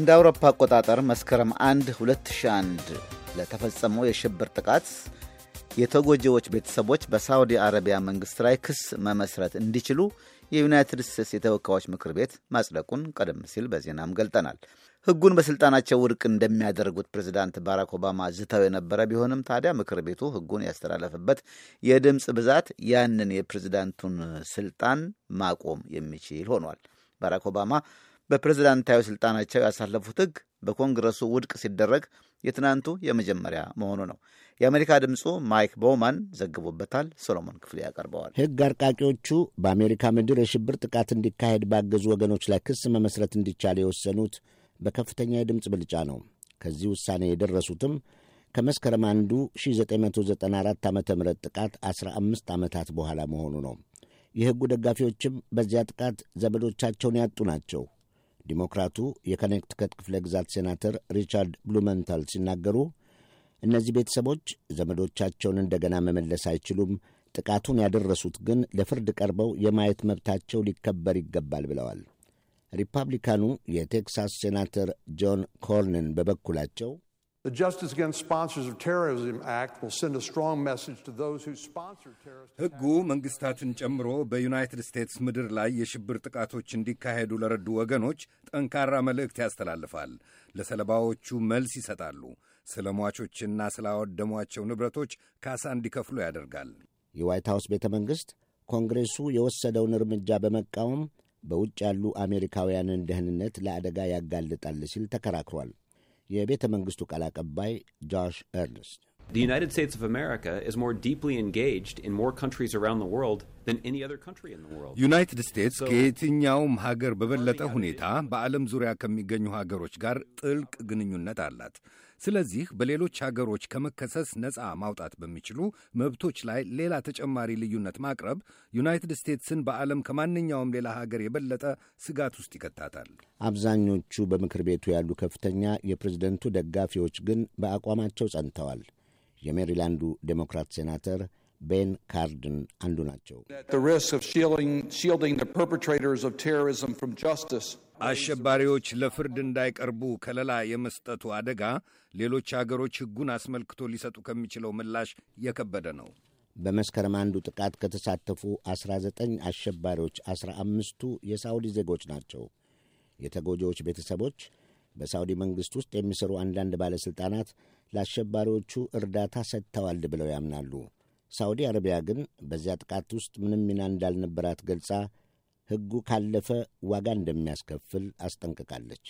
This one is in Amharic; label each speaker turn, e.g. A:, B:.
A: እንደ አውሮፓ አቆጣጠር መስከረም 1 2001 ለተፈጸመው የሽብር ጥቃት የተጎጂዎች ቤተሰቦች በሳውዲ አረቢያ መንግሥት ላይ ክስ መመስረት እንዲችሉ የዩናይትድ ስቴትስ የተወካዮች ምክር ቤት ማጽደቁን ቀደም ሲል በዜናም ገልጠናል። ህጉን በስልጣናቸው ውድቅ እንደሚያደርጉት ፕሬዚዳንት ባራክ ኦባማ ዝተው የነበረ ቢሆንም ታዲያ ምክር ቤቱ ህጉን ያስተላለፈበት የድምፅ ብዛት ያንን የፕሬዚዳንቱን ስልጣን ማቆም የሚችል ሆኗል። ባራክ ኦባማ በፕሬዝዳንታዊ ስልጣናቸው ያሳለፉት ህግ በኮንግረሱ ውድቅ ሲደረግ የትናንቱ የመጀመሪያ መሆኑ ነው። የአሜሪካ ድምፁ ማይክ ቦማን ዘግቦበታል። ሶሎሞን ክፍሌ ያቀርበዋል።
B: ሕግ አርቃቂዎቹ በአሜሪካ ምድር የሽብር ጥቃት እንዲካሄድ ባገዙ ወገኖች ላይ ክስ መመስረት እንዲቻል የወሰኑት በከፍተኛ የድምፅ ብልጫ ነው። ከዚህ ውሳኔ የደረሱትም ከመስከረም አንዱ 1994 ዓ ም ጥቃት 15 ዓመታት በኋላ መሆኑ ነው። የሕጉ ደጋፊዎችም በዚያ ጥቃት ዘመዶቻቸውን ያጡ ናቸው። ዲሞክራቱ የኮኔክቲከት ክፍለ ግዛት ሴናተር ሪቻርድ ብሉመንታል ሲናገሩ እነዚህ ቤተሰቦች ዘመዶቻቸውን እንደገና መመለስ አይችሉም። ጥቃቱን ያደረሱት ግን ለፍርድ ቀርበው የማየት መብታቸው ሊከበር ይገባል ብለዋል። ሪፐብሊካኑ የቴክሳስ ሴናተር ጆን ኮርንን በበኩላቸው
C: ሕጉ መንግሥታትን ጨምሮ በዩናይትድ ስቴትስ ምድር ላይ የሽብር ጥቃቶች እንዲካሄዱ ለረዱ ወገኖች ጠንካራ መልእክት ያስተላልፋል፣ ለሰለባዎቹ መልስ ይሰጣሉ ስለ ሟቾችና ስላወደሟቸው ንብረቶች ካሳ እንዲከፍሉ ያደርጋል።
B: የዋይት ሀውስ ቤተ መንግሥት ኮንግሬሱ የወሰደውን እርምጃ በመቃወም በውጭ ያሉ አሜሪካውያንን ደህንነት ለአደጋ ያጋልጣል ሲል ተከራክሯል። የቤተ መንግሥቱ ቃል አቀባይ ጆሽ ኤርንስት
A: ዩናይትድ
C: ስቴትስ ከየትኛውም ሀገር በበለጠ ሁኔታ በዓለም ዙሪያ ከሚገኙ ሀገሮች ጋር ጥልቅ ግንኙነት አላት። ስለዚህ በሌሎች ሀገሮች ከመከሰስ ነፃ ማውጣት በሚችሉ መብቶች ላይ ሌላ ተጨማሪ ልዩነት ማቅረብ ዩናይትድ ስቴትስን በዓለም ከማንኛውም ሌላ ሀገር የበለጠ ስጋት ውስጥ ይከታታል።
B: አብዛኞቹ በምክር ቤቱ ያሉ ከፍተኛ የፕሬዝደንቱ ደጋፊዎች ግን በአቋማቸው ጸንተዋል። የሜሪላንዱ ዴሞክራት ሴናተር ቤን ካርድን አንዱ ናቸው።
C: አሸባሪዎች ለፍርድ እንዳይቀርቡ ከለላ የመስጠቱ አደጋ ሌሎች አገሮች ሕጉን አስመልክቶ ሊሰጡ ከሚችለው ምላሽ የከበደ ነው።
B: በመስከረም አንዱ ጥቃት ከተሳተፉ 19 አሸባሪዎች 15ቱ የሳውዲ ዜጎች ናቸው። የተጎጂዎች ቤተሰቦች በሳውዲ መንግሥት ውስጥ የሚሠሩ አንዳንድ ባለሥልጣናት ለአሸባሪዎቹ እርዳታ ሰጥተዋል ብለው ያምናሉ። ሳውዲ አረቢያ ግን በዚያ ጥቃት ውስጥ ምንም ሚና እንዳልነበራት ገልጻ ሕጉ ካለፈ ዋጋ እንደሚያስከፍል አስጠንቅቃለች።